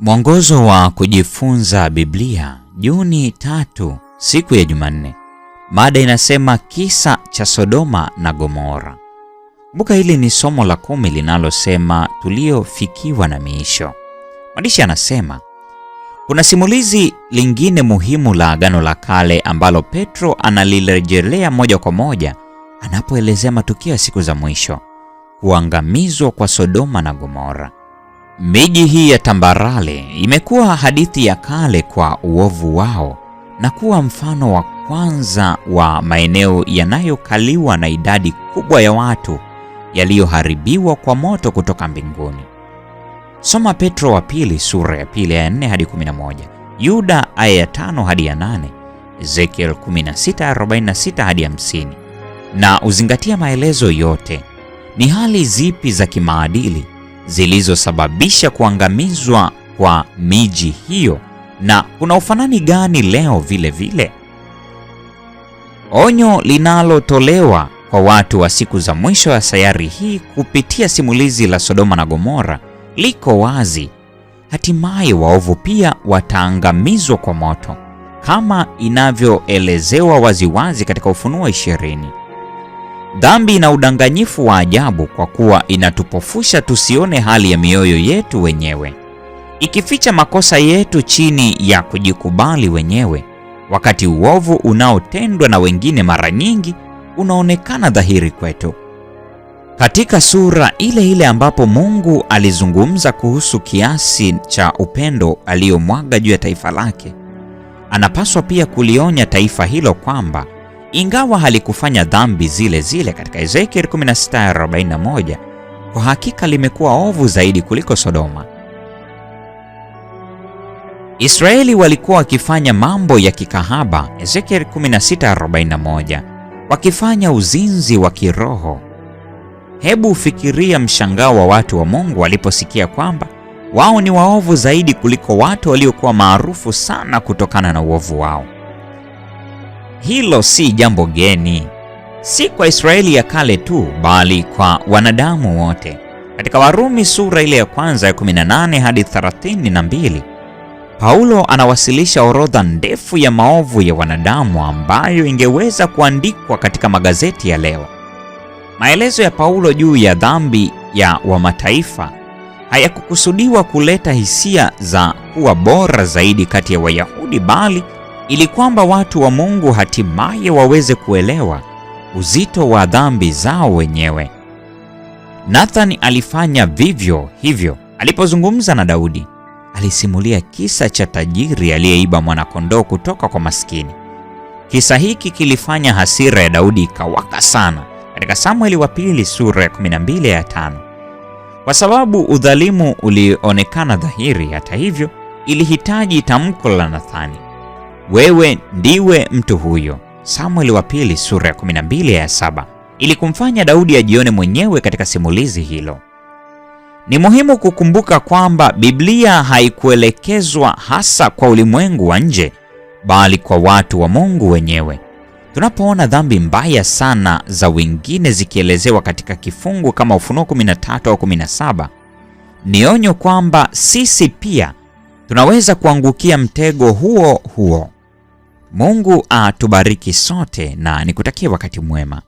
Mwongozo wa kujifunza Biblia, Juni tatu, siku ya Jumanne. Mada inasema kisa cha Sodoma na Gomora. Kumbuka hili ni somo la kumi linalosema tuliofikiwa na miisho. Mwandishi anasema kuna simulizi lingine muhimu la Agano la Kale ambalo Petro analirejelea moja kwa moja anapoelezea matukio ya siku za mwisho, kuangamizwa kwa Sodoma na Gomora. Miji hii ya tambarare imekuwa hadithi ya kale kwa uovu wao na kuwa mfano wa kwanza wa maeneo yanayokaliwa na idadi kubwa ya watu yaliyoharibiwa kwa moto kutoka mbinguni. Soma Petro wa pili sura ya pili aya 4 hadi 11, Yuda aya ya 5 hadi ya 8, Ezekiel 16:46 hadi 50 na uzingatia maelezo yote. Ni hali zipi za kimaadili zilizosababisha kuangamizwa kwa miji hiyo na kuna ufanani gani leo vile vile? Onyo linalotolewa kwa watu wa siku za mwisho ya sayari hii kupitia simulizi la Sodoma na Gomora liko wazi. Hatimaye waovu pia wataangamizwa kwa moto kama inavyoelezewa waziwazi katika Ufunuo ishirini. Dhambi ina udanganyifu wa ajabu kwa kuwa inatupofusha tusione hali ya mioyo yetu wenyewe, ikificha makosa yetu chini ya kujikubali wenyewe, wakati uovu unaotendwa na wengine mara nyingi unaonekana dhahiri kwetu. Katika sura ile ile ambapo Mungu alizungumza kuhusu kiasi cha upendo aliyomwaga juu ya taifa lake, anapaswa pia kulionya taifa hilo kwamba ingawa halikufanya dhambi zile zile katika Ezekiel 16:41, kwa hakika limekuwa ovu zaidi kuliko Sodoma. Israeli walikuwa wakifanya mambo ya kikahaba, Ezekiel 16:41, wakifanya uzinzi wa kiroho. Hebu fikiria mshangao wa watu wa Mungu waliposikia kwamba wao ni waovu zaidi kuliko watu waliokuwa maarufu sana kutokana na uovu wao hilo si jambo geni, si kwa Israeli ya kale tu, bali kwa wanadamu wote. Katika Warumi sura ile ya kwanza ya 18 hadi 32, Paulo anawasilisha orodha ndefu ya maovu ya wanadamu ambayo ingeweza kuandikwa katika magazeti ya leo. Maelezo ya Paulo juu ya dhambi ya wamataifa hayakukusudiwa kuleta hisia za kuwa bora zaidi kati ya Wayahudi, bali ili kwamba watu wa Mungu hatimaye waweze kuelewa uzito wa dhambi zao wenyewe. Nathan alifanya vivyo hivyo alipozungumza na Daudi. Alisimulia kisa cha tajiri aliyeiba mwanakondoo kutoka kwa maskini. Kisa hiki kilifanya hasira ya Daudi ikawaka sana, katika Samueli wa pili sura ya 12 ya 5, kwa sababu udhalimu ulionekana dhahiri. Hata hivyo, ilihitaji tamko la Nathani wewe ndiwe mtu huyo, Samueli wa pili sura ya 12 ya saba. ili kumfanya Daudi ajione mwenyewe katika simulizi hilo. Ni muhimu kukumbuka kwamba Biblia haikuelekezwa hasa kwa ulimwengu wa nje, bali kwa watu wa Mungu wenyewe. Tunapoona dhambi mbaya sana za wengine zikielezewa katika kifungu kama Ufunuo 13 au 17, ni onyo kwamba sisi pia tunaweza kuangukia mtego huo huo. Mungu atubariki sote na nikutakie wakati mwema.